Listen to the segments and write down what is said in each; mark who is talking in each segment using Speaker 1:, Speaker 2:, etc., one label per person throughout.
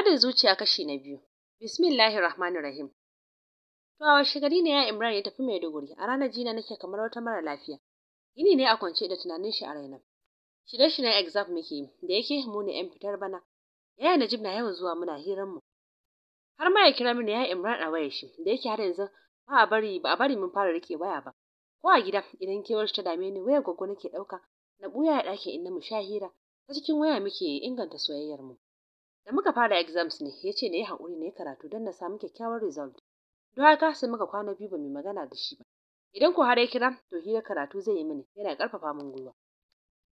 Speaker 1: Muradin zuciya kashi na biyu. Bismillahir Rahmanir Rahim. To a washe gari ne ya Imran ya tafi Maiduguri. A ranar jina nake kamar wata mara lafiya. Gini ne a kwance da tunanin shi a raina. Shirye shiryen exam muke yi da yake mu ne yan fitar bana. Yaya Najib na yawan zuwa muna hirar mu. Har ma ya kira mini ya Imran a wayar shi da yake har yanzu ba a bari ba a bari mun fara rike waya ba. Ko a gida idan kewar ta dame ni waya gwaggo nake ɗauka na buya ya ɗakin inna mu sha hira ta cikin waya muke inganta soyayyar mu. da muka fara exams ne ya ce na yi haƙuri na yi karatu don na samu kyakkyawan result don haka sai muka kwana biyu ba mu magana da shi ba idan ko har ya kira to hira karatu zai yi mini yana ƙarfafa min gwiwa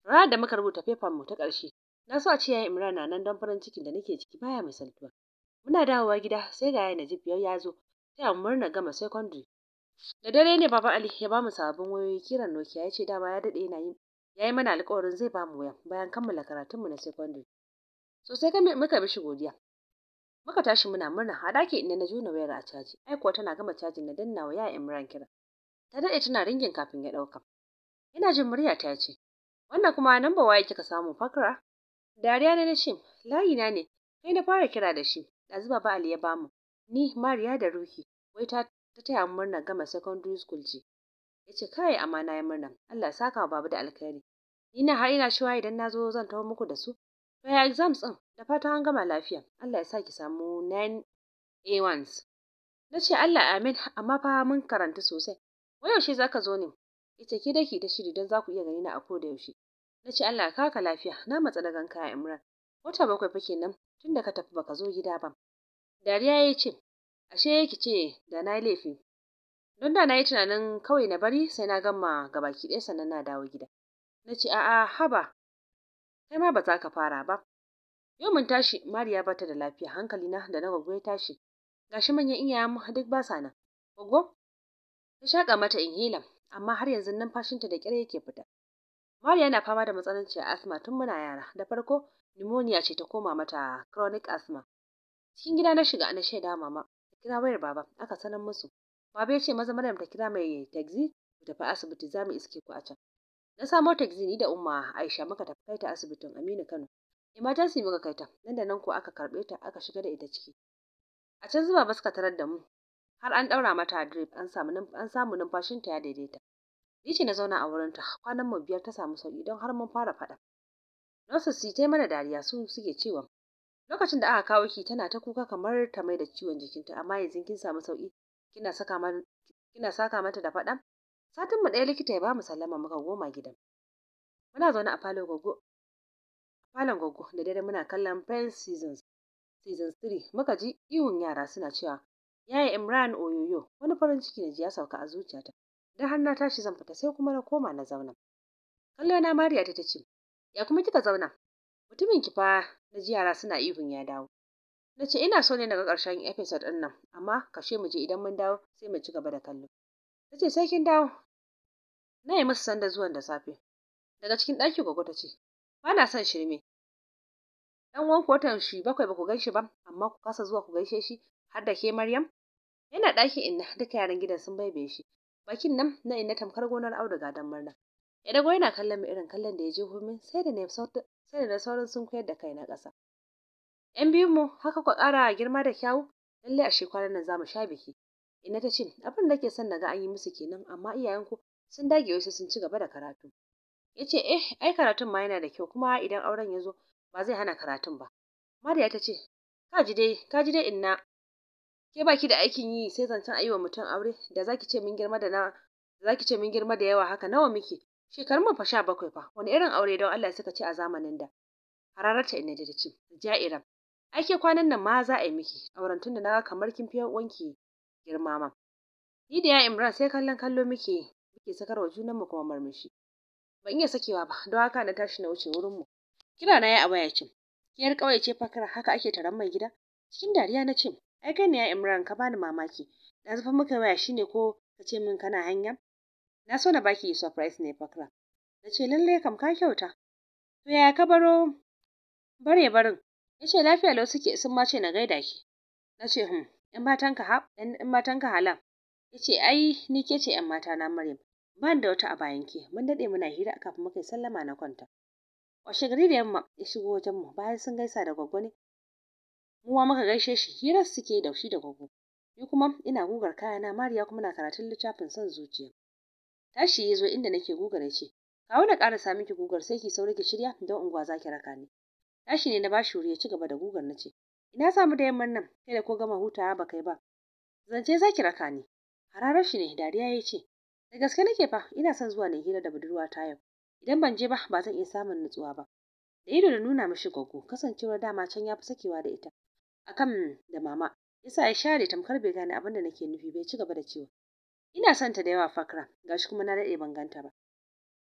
Speaker 1: ranar da muka rubuta fefan mu ta ƙarshe na so a ce yayin Imran na nan don farin ciki da nake ciki baya mai misaltuwa muna dawowa gida sai ga yayin Najib yau ya zo sai ta murna gama secondary da dare ne baba Ali ya bamu sababbin wayoyi kiran Nokia ya ce dama ya daɗe yana yin ya yi mana alƙawarin zai ba mu waya bayan kammala karatunmu na secondary sosai muka bi shi godiya muka tashi muna murna a ɗaki inda na juna wayar a caji ai kuwa tana gama cajin na danna wa ya Imran kira ta daɗe tana ringin kafin ya ɗauka ina jin murya ta ce wannan kuma number waye kika samu fakra dariya ne na shin, layi na ne kai na fara kira da shi ɗazu baba Ali ya bamu ni Mariya da Ruhi wai ta ta taya murna gama secondary school ce ya ce kai amana ya murna Allah ya saka wa babu da alkhairi ina har ina cewa idan na zo zan taho muku da su To exams ɗin? Da fata an gama lafiya. Allah ya sa ki samu 9 A1s. Na ce Allah amin amma fa mun karanta sosai. Wai yaushe za ka zo ne? Ita ki daki ta shiri don za ku iya ganina a ko da yaushe. Na ce Allah ka ka lafiya na matsa da ganka ya Imran. Wata bakwai fa kenan tun da ka tafi baka zo gida ba. Dariya ya ce ashe ki ce da na laifi. Don da na yi tunanin kawai na bari sai na gama gabaki ɗaya sannan na dawo gida. Na ce a'a haba kai ma ba za ka fara ba yau mun tashi mariya ba ta da lafiya hankali na da na gwaggo ya tashi gashi manyan iyayen duk ba sa nan gwaggo ta shaƙa mata in hila amma har yanzu numfashinta da ƙyar yake fita mariya na fama da matsananciyar asma tun muna yara da farko pneumonia ce ta koma mata chronic asma. cikin gida na shiga na shaida mama ta kira wayar baba aka sanar musu baba ya ce maza maryam ta kira mai taxi mu tafi asibiti za mu iske ku a can na samo taxi ni da umma Aisha muka tafi kai ta asibitin Aminu Kano emergency muka kai ta nan da nan ko aka karbe ta aka shiga da ita ciki a can zuba ba suka tarar da mu har an daura mata drip an samu an samu numfashin ta ya daidaita ni ce na zauna a wurin ta kwanan mu biyar ta samu sauki don har mun fara fada Nasu su ta mana dariya su suke cewa lokacin da aka kawo ki tana ta kuka kamar ta mai da ciwon jikinta amma yanzu kin samu sauki kina saka mata kina saka mata da fada satin mu ɗaya likita ya ba mu sallama muka goma gidan muna zaune a falon gogo falon gogo da dare muna kallon Friends seasons season 3 muka ji ihun yara suna cewa yaya Imran oyoyo wani farin ciki na ji ya sauka a zuciyata dan har na tashi zan fita sai kuma na koma na zauna kallo na Mariya ta tace ya kuma kika zauna mutumin ki fa na ji yara suna ihun ya dawo na ce ina so ne na ga ƙarshen episode ɗin nan amma kashe mu je idan mun dawo sai mu ci gaba da kallo ta ce sai kin dawo na yi musu sanda zuwan da safe daga cikin ɗaki gwaggo ta ce ba na son shirme dan uwan watan shi bakwai ba ku shi ba amma ku kasa zuwa ku gaishe shi har da ke maryam yana ɗaki inna duka yaran gidan sun baibaye shi bakin nan na inna tamkar gonar auduga dan murna ya dago yana kallon mu irin kallon da ya je homin sai da na sai da sauran sun koyar da kai na ƙasa yan biyun mu haka ku ƙara girma da kyawu lallai ashe kwanan nan za mu sha biki Ina ta ce, abin da ke son na ga an yi musu kenan, amma iyayenku sun dage wasu sun ci gaba da karatu. Ya ce, eh, ai karatun ma yana da kyau, kuma idan auren ya zo ba zai hana karatun ba. Mariya ta ce, ka ji dai, ka ji dai inna. Ke baki da aikin yi sai zancen ayi wa mutum aure, da zaki ce min girma da na zaki ce min girma da yawa haka nawa muke? Shekarun mu fa sha bakwai fa, wani irin aure don Allah suka ce a zamanin da. Hararta ina da ce, ja'ira. Ai ke kwanan nan ma za a yi miki, auren da na kamar kin fi wanki girma ma ni da ya Imran sai kallon kallo muke muke sakarwa junan mu kuma murmushi ban iya sakewa ba don haka na tashi na wuce wurin mu kira na ya a waya ce ki yar kauye ce fakara haka ake taron mai gida cikin dariya na ce ai kai ne ya Imran ka bani mamaki Na zafa muka waya shine ko ka ce min kana hanya na so na baki surprise ne fakara na ce lallai kam ka kyauta to yaya ka baro bare barin ya ce lafiya lau suke sun ma ce na gaida ki na ce hmm. 'yan matanka hab 'yan matanka halam ya ce ai ni ke ce 'yan mata na Maryam ni da wata a bayan ke mun daɗe muna hira kafin muka yi sallama na kwanta washe gari da yamma ya shigo wajen mu bayan sun gaisa da gwaggo ne mu ma muka gaishe shi hirar suke da shi da gwaggo ni kuma ina gugar kayana Mariya kuma na karatun littafin son zuciya tashi ya zo inda nake gugar ya ce kawo na ƙarasa miki gugar sai ki sauri ki shirya don unguwa za ki raka ni tashi ne na bashi wuri ya ci gaba da gugar na ce ina samu da yamman nan kai da ko gama hutawa ba kai ba zance za ki raka ni hararar shi ne dariya ya ce da gaske nake fa ina son zuwa ne hira da budurwa ta yau idan ban je ba ba zan iya samun nutsuwa ba da ido da nuna mishi gwaggo kasancewar dama can ya fi sakewa da ita akan da mama yasa ya share tamkar bai gane abin da nake nufi bai ci gaba da cewa ina son ta da yawa fakra gashi kuma na daɗe ban ganta ba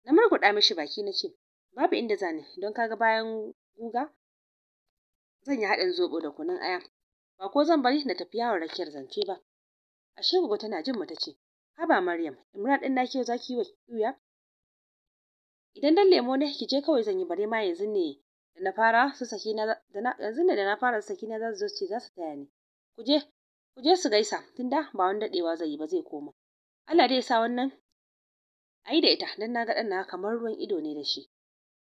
Speaker 1: na murkuɗa mishi baki na ce babu inda zane, don kaga bayan guga zan yi haɗin zoɓo da kunun aya ba ko zan bari na tafi yawon rakiyar zance ba ashe gobe tana jin mu tace haba maryam imran din naki za ki yi idan dan lemo ne ki kawai zan yi bare ma yanzu ne da na fara su saki na da na yanzu ne da na fara saki na za su ce za taya ni Kuje kuje su gaisa tunda ba wani dadewa zai yi ba zai koma Allah dai sa wannan ai da ita dan na ga dan kamar ruwan ido ne da shi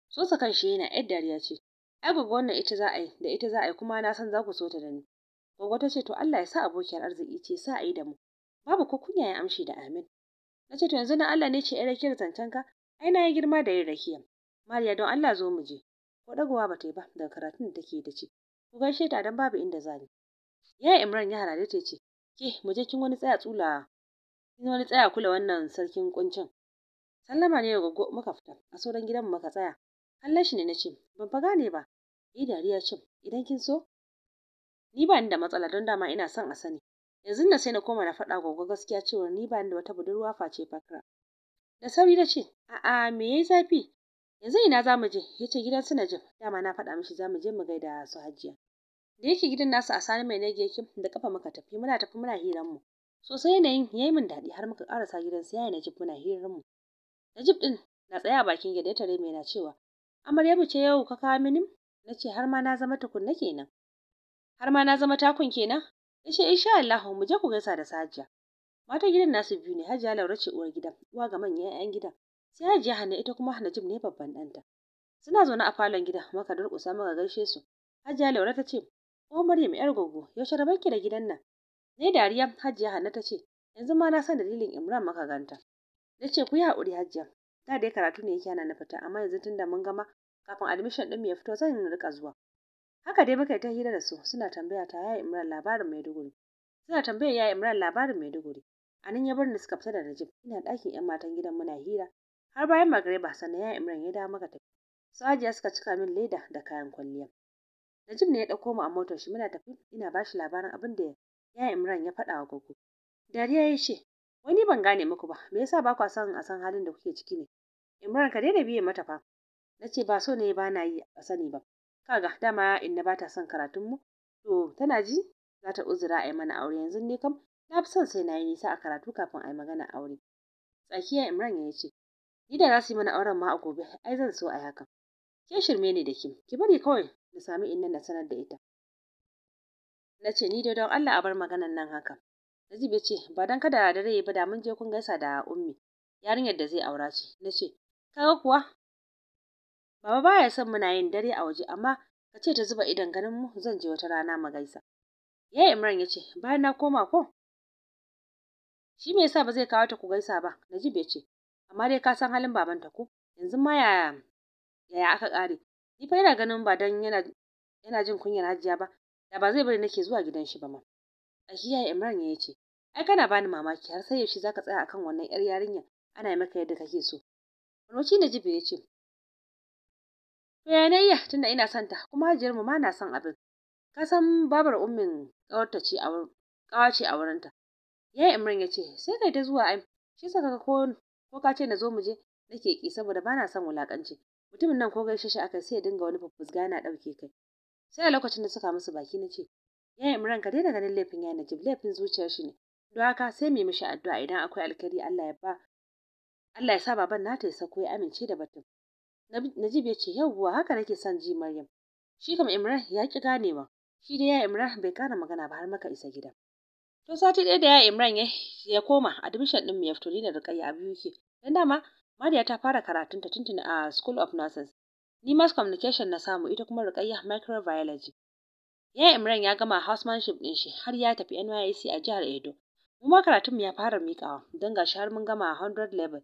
Speaker 1: sosa sakan shi yana yar dariya ce ai gobe wannan ita za a yi da ita za a yi kuma na san za ku so ta da ni gogo ta ce to Allah ya sa abokiyar arziki ce sa a yi da mu babu ko kunya ya amshi da amin na ce to yanzu na Allah ne ce ai rakiyar zancen ka ai na yi girma da yin rakiyar Mariya don Allah zo mu je ko dagowa ba ta yi ba daga karatun da take da ce ku gaishe ta dan babu inda za ni ya Imran ya harare ta ce ke mu je kin wani tsaya tsula kin wani tsaya kula wannan sarkin kuncin sallama ne gogo muka fita a sauran gidan mu muka tsaya kallon shi ne na ce ban fa gane ba yi eh, dariya cin idan kin so ni ba ni da matsala don dama ina son a sani yanzu na sai na koma na faɗa gogo gaskiya cewa ni ba ni da wata budurwa face fakra da sauri na ce a'a me yayi zafi yanzu ina za mu je ya ce gidan su Najib dama na faɗa mishi za mu je mu gaida su Hajiya da yake gidan nasu a sani mai nage yake da kafa muka tafi muna tafi muna hiran mu sosai yanayin yayi min daɗi har muka ƙarasa gidan su yayi Najib muna hiran mu Najib din na tsaya bakin gida ya tare mai na cewa amarya mu ce yau ka kawo mini Na ce har ma na zama tukunna kenan. Har ma na zama takun kenan? Ya ce insha Allah mu je ku gaisa da Sajiya. Matan gidan nasu biyu ne Hajiya Laura ce uwar gidan, uwa ga manyan 'ya'yan gidan. Sai Hajiya Hanna ita kuma Hanajib ne babban ɗanta. Suna zaune a falon gidan maka durƙusa maka gaishe su. Hajiya Laura ta ce, "O Maryam 'yar gogo, yaushe rabar ki da gidan nan?" Ne dariya Hajiya Hanna ta ce, "Yanzu ma na san dalilin Imran maka ganta." Na ce, "Ku yi haƙuri Hajiya, da dai karatu ne yake hana na fita, amma yanzu tunda mun gama kafin admission ɗin ya fito zan rika zuwa haka dai muka yi ta hira da su suna tambaya ta yaya Imran labarin Maiduguri suna tambaya yaya Imran labarin Maiduguri a nan ya bar ni suka fita da Najib ina ɗakin 'yan matan gidan muna hira har bayan magreba sannan yaya Imran ya dawo maka tafi su suka cika min leda da kayan kwalliya Najib ne ya ɗauko mu a motar shi muna tafi ina ba shi labarin abin da yaya Imran ya faɗa wa dariya ya ce wani ban gane muku ba me yasa ba kwa son a san halin da kuke ciki ne Imran ka daina biye mata fa Na ce ba so ne ba na yi a sani ba. Kaga dama inna ba ta son karatunmu. To tana ji za ta uzura a yi mana aure yanzu ne kam na fi son sai na yi nisa a karatu kafin a yi magana aure. Tsakiya Imran ya ce ni da za su yi mana auren ma a gobe ai zan so a haka. Ke shirme ne da ki ki bari kawai na sami inna na sanar da ita. Na ce ni dai don Allah a bar maganan nan haka. Najib ya ce ba don kada da dare ba da mun je kun gaisa da ummi yarinyar da zai aura ce. Na ce kaga kuwa Baba baya son muna yin dare a waje amma ka ce ta zuba idan ganin mu zan je wata rana mu gaisa. Ya Imran ya ce bayan na koma ko? Shi me yasa ba zai kawo ta ku gaisa ba? Najib ya ce amma dai ka san halin babanta ko yanzu ma ya yaya aka kare ni fa ina ganin ba dan yana yana jin kunyar Hajiya ba da ba zai bari nake zuwa gidan shi ba ma. Ahiya Imran ya ce ai kana bani mamaki har sai yaushe zaka tsaya akan wannan yar yarinya ana maka yadda kake so. Murmushi Najib ya ce To ya na tunda ina son ta kuma hajiyar mu ma na son abin. Ka san babar ummin ƙawarta ce a wurin ƙawa ce a wurinta. Yayi Imran ya ce sai kai ta zuwa ai shi yasa ka ko ko ka ce na zo mu je nake ki saboda ba na son wulakanci. Mutumin nan ko gaishe shi aka sai ya dinga wani fuffusga yana ɗauke kai. Sai a lokacin da suka musu baki na ce yayi Imran ka daina ganin laifin yana Najib laifin zuciyar shi ne. Don haka sai mai yi mishi addu'a idan akwai alkhairi Allah ya ba Allah ya sa baban nata ya sako ya amince da batun. Najib ya ce yauwa haka nake son ji Maryam shi kam Imran ya ki ganewa shi da ya Imran bai kara magana ba har maka isa gida to sati ɗaya da ya Imran ya koma admission din mu ya fito ni da Rukayya a biyu ke dan dama Mariya ta fara karatun ta tuntuni a School of Nurses ni mass communication na samu ita kuma Rukayya microbiology ya Imran ya gama housemanship din shi har ya tafi NYSC a jihar Edo mu ma karatun ya fara mikawa dan gashi har mun gama 100 level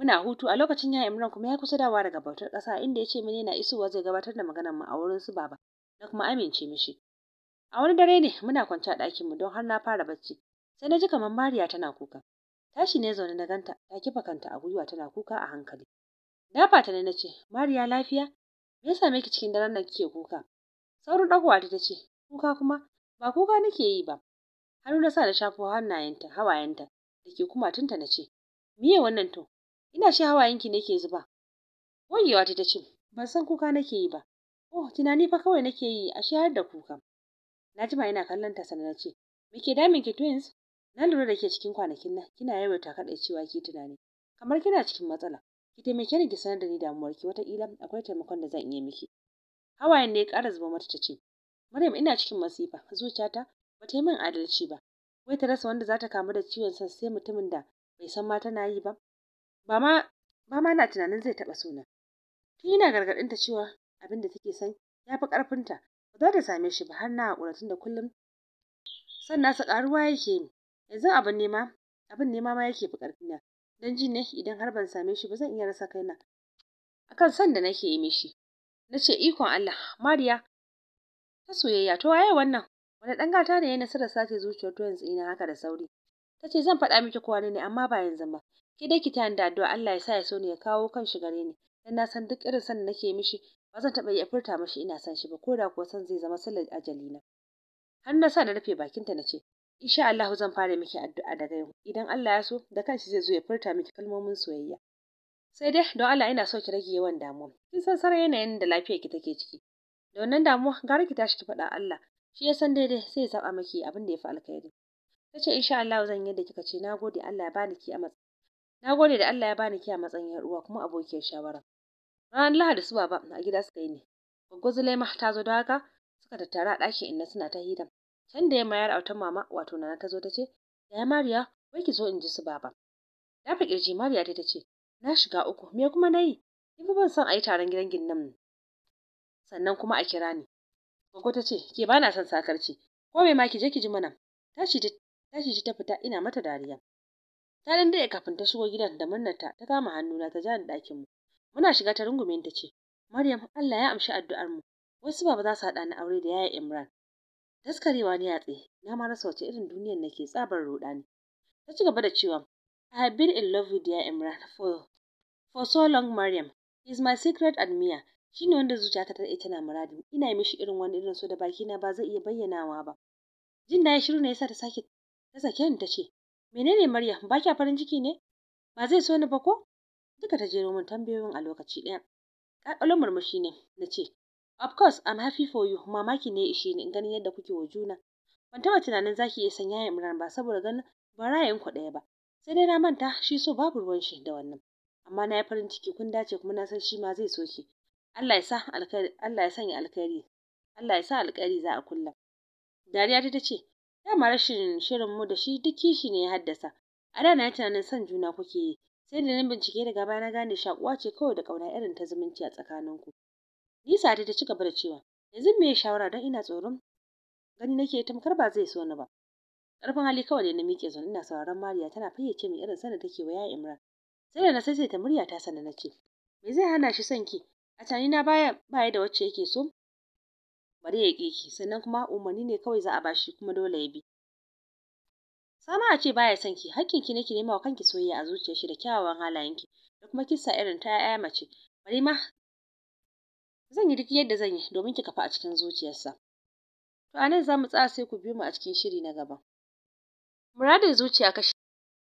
Speaker 1: muna hutu a lokacin ya Imran kuma ya kusa dawowa daga bautar ƙasa inda ya ce mini na isowa zai gabatar da maganar mu a wurin su baba na kuma amince mishi a wani dare ne muna kwance a ɗakin mu don har na fara bacci sai na ji kamar Mariya tana kuka tashi ne zaune na ganta ta kifa kanta a gwiwa tana kuka a hankali na fata ne nace Mariya lafiya me yasa miki cikin daren nan kike kuka saurin ɗagowa ta ce kuka kuma ba kuka nake yi ba hannu na sa da shafo hannayenta hawayenta da ke kumatunta na ce miye wannan to ina shi hawayenki ne ke zuba gogewa ta ce ban san kuka nake yi ba oh tunani fa kawai nake yi a shayar da kuka na jima ina kallon ta sannan ce me ke damin ki twins na lura da ke cikin kwanakin nan kina yawaita kaɗai cewa ki tunani kamar kina cikin matsala ki taimake ni ki sanar da ni damuwarki wataƙila akwai taimakon da zan iya miki hawayen ne ya ƙara zuba mata ta ce Maryam ina cikin masifa zuciyata ba ta yi min adalci ba wai ta rasa wanda za ta kamu da ciwon san mutumin da bai san ma tana yi ba ba ma na tunanin zai taɓa suna tun yana gargaɗin ta cewa abin da take san ya fi ta ba za ta same shi ba har na haƙura tun da kullum son nasa ƙaruwa yake yi yanzu abin nema abin nema ma yake fi ƙarfina don ji ne idan har ban same shi ba zan iya rasa kaina akan son da nake yi mishi na ce ikon Allah Mariya ta soyayya to waye wannan wani ɗan gata ne ya nasara sace zuciyar to yanzu ina haka da sauri ta ce zan faɗa miki kowa ne amma ba yanzu ba ke dai ki tayani addu'a Allah ya sa ya so ne ya kawo kan shi gare ni. Dan na san duk irin san nake mishi ba zan taɓa yi furta mishi ina san shi ba ko da kuwa san zai zama sallar ajali na. Har na sa na rufe bakinta na ce insha Allah zan fara miki addu'a daga yau idan Allah ya so da kanshi zai zo ya furta miki kalmomin soyayya. Sai dai don Allah ina so ki rage yawan damuwa. Kin san sarai yanayin da ki take ciki. Da wannan damuwa gara ki tashi ki faɗa Allah shi ya san daidai sai ya saba miki abin da ya fi alkhairi. Ta ce insha Allah zan yadda kika ce na gode Allah ya bani ki a Na gode da Allah ya bani kiya matsayin yar uwa kuma abokiyar shawara. Ranar Lahadi su baba a gida suka yi ne. Goggo Zulema ta zo da haka suka tattara a ɗakin inna suna ta hira. Can da yamma yar autan mama wato nana ta zo ta ce, "Yaya Mariya, wai ki zo in ji su baba." fi kirji Mariya ta ce, "Na shiga uku, me kuma na yi? Ni fa ban san a yi taron gidan ginnan sannan kuma a kira ni." Goggo ta ce, "Ke ba na son sakarci, ko me ma ki je ki ji mana." tashi ta fita ina mata dariya. ta dan kafin ta shigo gidan da murnarta ta kama hannuna ta ja ni ɗakin mu muna shiga ta rungume ta ce Maryam Allah ya amshi addu'ar mu wasu baba za su haɗa ni aure da yaya Imran daskarewa ni a tsaye na ma rasa wace irin duniyar nake tsabar rudani. ta ci gaba da cewa I have been in love with yaya Imran for for so long Maryam he is my secret admirer shi ne wanda zuciyata ta tana muradin ina mishi irin wani irin so da baki na ba zai iya bayyanawa ba jin na ya shiru ne yasa ta sake ta sake ni ta ce menene Maryam ba kya farin ciki ne ba zai so ni ba ko duka ta jero min tambayoyin a lokaci ɗaya ƙaƙalo murmushi ne na ce of course I'm happy for you mamaki ne ishe ni ganin yadda kuke wa juna ban taɓa tunanin zaki iya sanya Imran ba saboda ganin ba ra'ayin ku ɗaya ba sai dai na manta shi so babu ruwan shi da wannan amma na yi farin ciki kun dace kuma na san shi ma zai so ki Allah ya sa alkhairi Allah ya sanya alkhairi Allah ya sa alkhairi za a kullum. dariya ta ce Dama rashin shirin mu da shi duk kishi ne ya haddasa. A da na yi tunanin son juna kuke yi, sai da na bincike daga baya na gane shakuwa ce kawai da ƙauna irin ta zumunci a tsakaninku. Nisa ta ci gaba da cewa, yanzu me shawara don ina tsoron gani nake tamkar ba zai so ni ba. Ƙarfin hali kawai da na miƙe zan ina sauraron Mariya tana fayyace min irin sanin take wa a Imran. Sai da na saisaita murya ta sannan na ce, me zai hana shi son ki? A na baya baya da wacce yake so bari ya ƙi ki sannan kuma umarni ne kawai za a bashi kuma dole ya bi sama a ce baya son ki hakkin ki ne ki nema wa kanki soyayya a zuciyar shi da kyawawan halayen ki da kuma kisa irin ta 'ya'ya mace bari ma zan yi duk yadda zan yi domin ki kafa a cikin zuciyarsa to a nan za mu tsaya sai ku biyo mu a cikin shiri na gaba muradin zuciya kashi